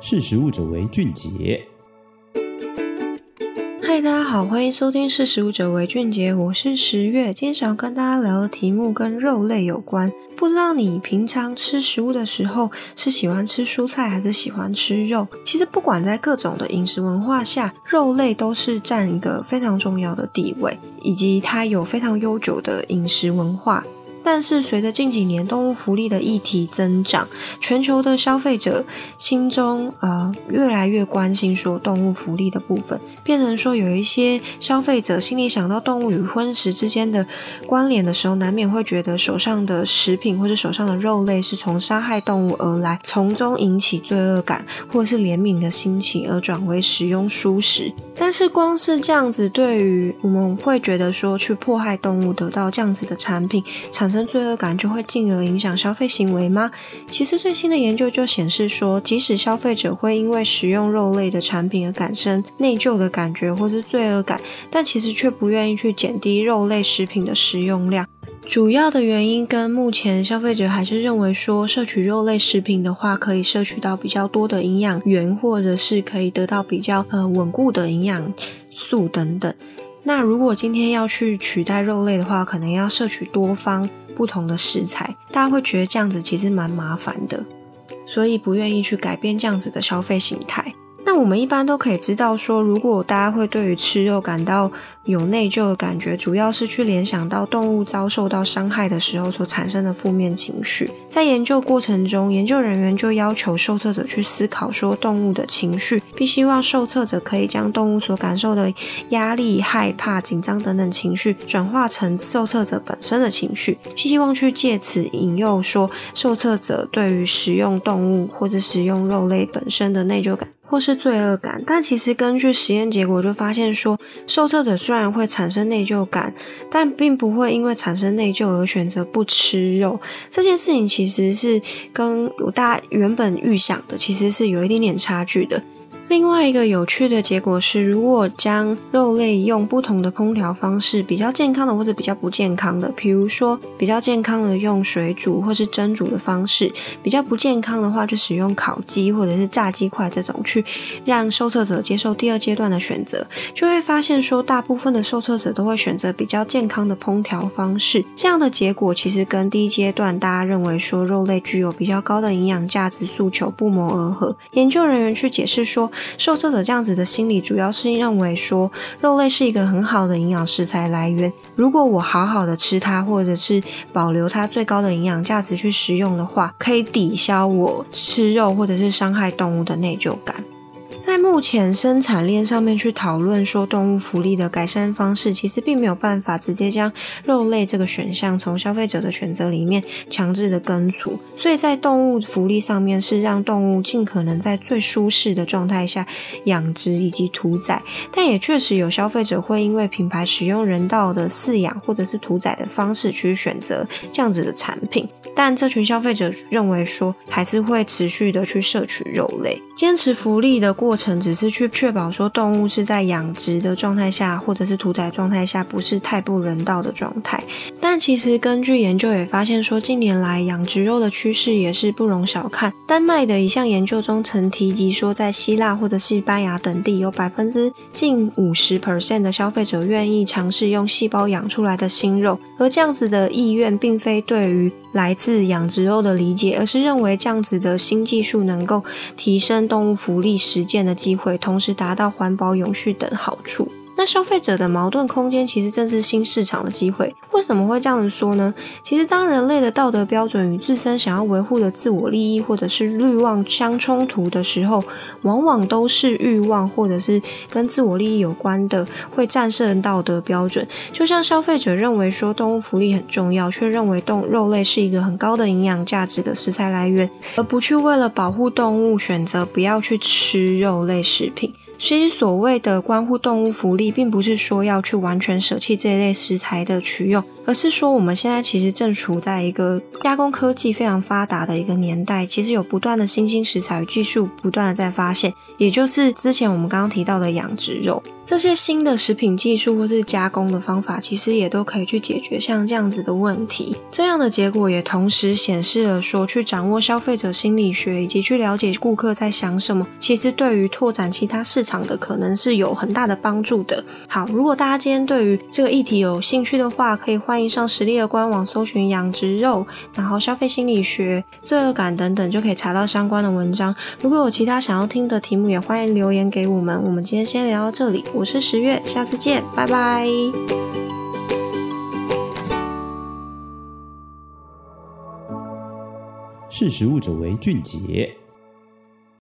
識食物者為俊傑。嗨，大家好，歡迎收聽《識食物者為俊傑》，我是食月。今天想要跟大家聊的題目跟肉類有關。不知道你平常吃食物的時候是喜歡吃蔬菜還是喜歡吃肉？其實不管在各種的飲食文化下，肉類都是占一個非常重要的地位，以及它有非常悠久的飲食文化。但是隨着近幾年動物福利的議題增長，全球的消費者心中呃越來越關心說動物福利的部分，變成說有一些消費者心裡想到動物與葷食之間的關聯的時候，難免會覺得手上的食品或者手上的肉類是從殺害動物而來，從中引起罪惡感或是憐憫的心情而轉為食用蔬食。但是光是這樣子，對於我們會覺得說去迫害動物得到這樣子的產品產生。罪惡感就會進而影響消費行為嗎？其實最新的研究就顯示說，即使消費者會因為食用肉類的產品而產生內疚的感覺或是罪惡感，但其實卻不願意去減低肉類食品的食用量。主要的原因跟目前消費者還是認為說，攝取肉類食品的話，可以攝取到比較多的營養源，或者是可以得到比較呃穩固的營養素等等。那如果今天要去取代肉類的話，可能要攝取多方。不同的食材，大家會覺得這樣子其實蠻麻煩的，所以不願意去改變這樣子的消費形態。我們一般都可以知道說，說如果大家會對於吃肉感到有內疚的感覺，主要是去聯想到動物遭受到傷害的時候所產生的負面情緒。在研究過程中，研究人員就要求受測者去思考說動物的情緒，並希望受測者可以將動物所感受的壓力、害怕、緊張等等情緒轉化成受測者本身的情緒，希望去借此引誘說受測者對於食用動物或者食用肉類本身的內疚感。或是罪惡感，但其實根據實驗結果就發現說，受測者雖然會產生內疚感，但並不會因為產生內疚而選擇不吃肉。這件事情其實是跟大家原本預想的其實是有一點點差距的。另外一個有趣的結果是，如果將肉類用不同的烹調方式，比較健康的或者比較不健康的，比如說比較健康的用水煮或是蒸煮的方式，比較不健康的話就使用烤雞或者是炸雞塊這種，去讓受測者接受第二階段的選擇，就會發現說大部分的受測者都會選擇比較健康的烹調方式。這樣的結果其實跟第一階段大家認為說肉類具有比較高的營養價值訴求不謀而合。研究人員去解釋說，受測者這樣子的心理，主要是認為說，肉類是一個很好的營養食材來源。如果我好好的吃它，或者是保留它最高的營養價值去食用的話，可以抵消我吃肉或者是傷害動物的內疚感。在目前生產鏈上面去討論說動物福利的改善方式，其實並沒有辦法直接將肉類這個選項從消費者的選擇裡面強制的根除。所以在動物福利上面是讓動物盡可能在最舒適的狀態下養殖以及屠宰，但也確實有消費者會因為品牌使用人道的飼養或者是屠宰的方式去選擇這樣子的產品，但這群消費者認為說還是會持續的去攝取肉類。堅持福利的過程，只是去確保說動物是在養殖的狀態下，或者是屠宰狀態下，不是太不人道的狀態。但其實根據研究也發現說，近年來養殖肉的趨勢也是不容小看。丹麥的一項研究中曾提及說，在希臘或者西班牙等地，有百分之近五十 percent 的消費者願意嘗試用細胞養出來的新肉。而這樣子的意願，並非對於來自養殖肉的理解，而是認為這樣子的新技術能夠提升動物福利實踐的機會，同時達到環保、永續等好處。那消費者的矛盾空間其實正是新市場的機會。為什麼會這樣子說呢？其實當人類的道德標準與自身想要維護的自我利益或者是慾望相衝突的時候，往往都是慾望或者是跟自我利益有關的會戰勝道德標準。就像消費者認為說動物福利很重要，卻認為動肉類是一個很高的營養價值的食材來源，而不去為了保護動物選擇不要去吃肉類食品。其實所謂的關乎動物福利，並不是說要去完全捨棄這一類食材的取用，而是說我們現在其實正處在一個加工科技非常發達的一個年代，其實有不斷的新興食材與技術不斷的在發現，也就是之前我們剛剛提到的養殖肉，這些新的食品技術或是加工的方法，其實也都可以去解決像這樣子的問題。這樣的結果也同時顯示了說，去掌握消費者心理學以及去了解顧客在想什麼，其實對於拓展其他市場場的可能是有很大的幫助的。好，如果大家今天對於這個議題有興趣的話，可以歡迎上食力的官網搜尋養殖肉，然後消費心理學、罪惡感等等，就可以查到相關的文章。如果有其他想要聽的題目，也歡迎留言給我們。我們今天先聊到這裡，我是食月，下次見，拜拜。識食物者為俊傑。